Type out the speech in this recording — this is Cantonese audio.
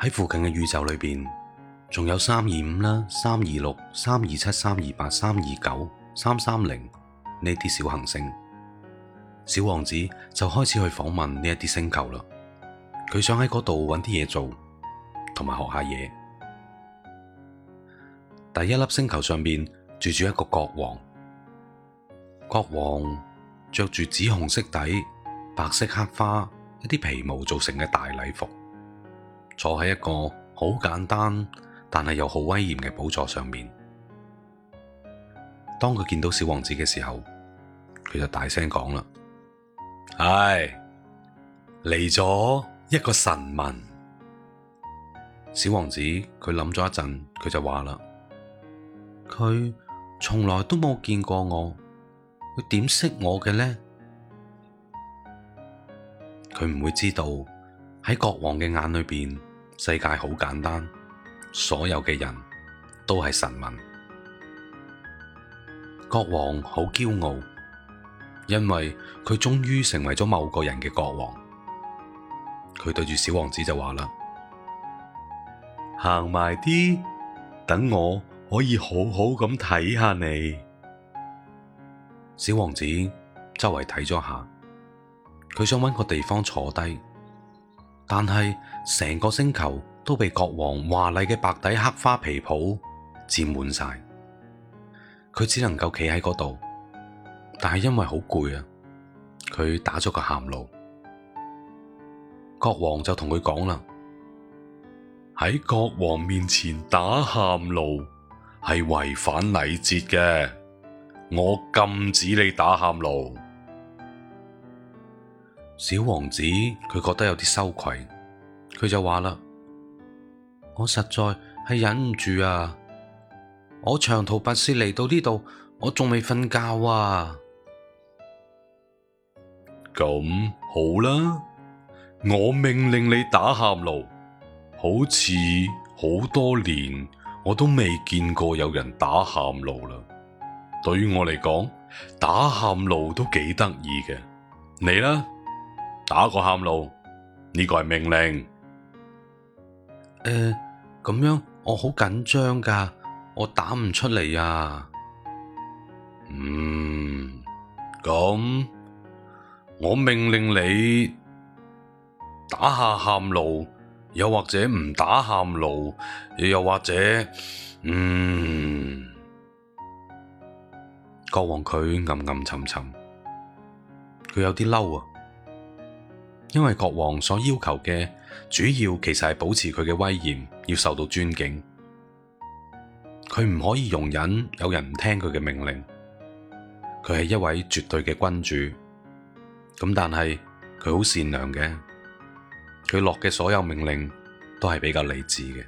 喺附近嘅宇宙裏邊，仲有三二五啦、三二六、三二七、三二八、三二九、三三零呢啲小行星。小王子就開始去訪問呢一啲星球啦。佢想喺嗰度揾啲嘢做，同埋學下嘢。第一粒星球上面住住一個國王，國王着住紫紅色底、白色黑花、一啲皮毛做成嘅大禮服。坐喺一個好簡單但係又好威嚴嘅寶座上面。當佢見到小王子嘅時候，佢就大聲講啦：唉、哎，嚟咗一個臣民。小王子佢諗咗一陣，佢就話啦：佢從來都冇見過我，佢點識我嘅呢？佢唔會知道喺國王嘅眼裏邊。世界好簡單，所有嘅人都係臣民。國王好驕傲，因為佢終於成為咗某個人嘅國王。佢對住小王子就話啦：行埋啲，等我可以好好咁睇下你。小王子周圍睇咗下，佢想揾個地方坐低。但係成個星球都被國王華麗嘅白底黑花皮袍佔滿晒，佢只能夠企喺嗰度。但係因為好攰啊，佢打咗個喊路。國王就同佢講啦，喺國王面前打喊路，係違反禮節嘅，我禁止你打喊路。小王子佢覺得有啲羞愧，佢就話啦：我實在係忍唔住啊！我長途跋涉嚟到呢度，我仲未瞓覺啊！咁好啦，我命令你打喊路，好似好多年我都未見過有人打喊路啦。對於我嚟講，打喊路都幾得意嘅，你啦！打個喊路，呢、這個係命令。誒、呃，咁樣我好緊張噶，我打唔出嚟啊。嗯，咁我命令你打下喊路，又或者唔打喊路，又或者，嗯，國王佢暗暗沉沉，佢有啲嬲啊。因為國王所要求嘅主要其實係保持佢嘅威嚴，要受到尊敬。佢唔可以容忍有人唔聽佢嘅命令。佢係一位絕對嘅君主，咁但係佢好善良嘅，佢落嘅所有命令都係比較理智嘅。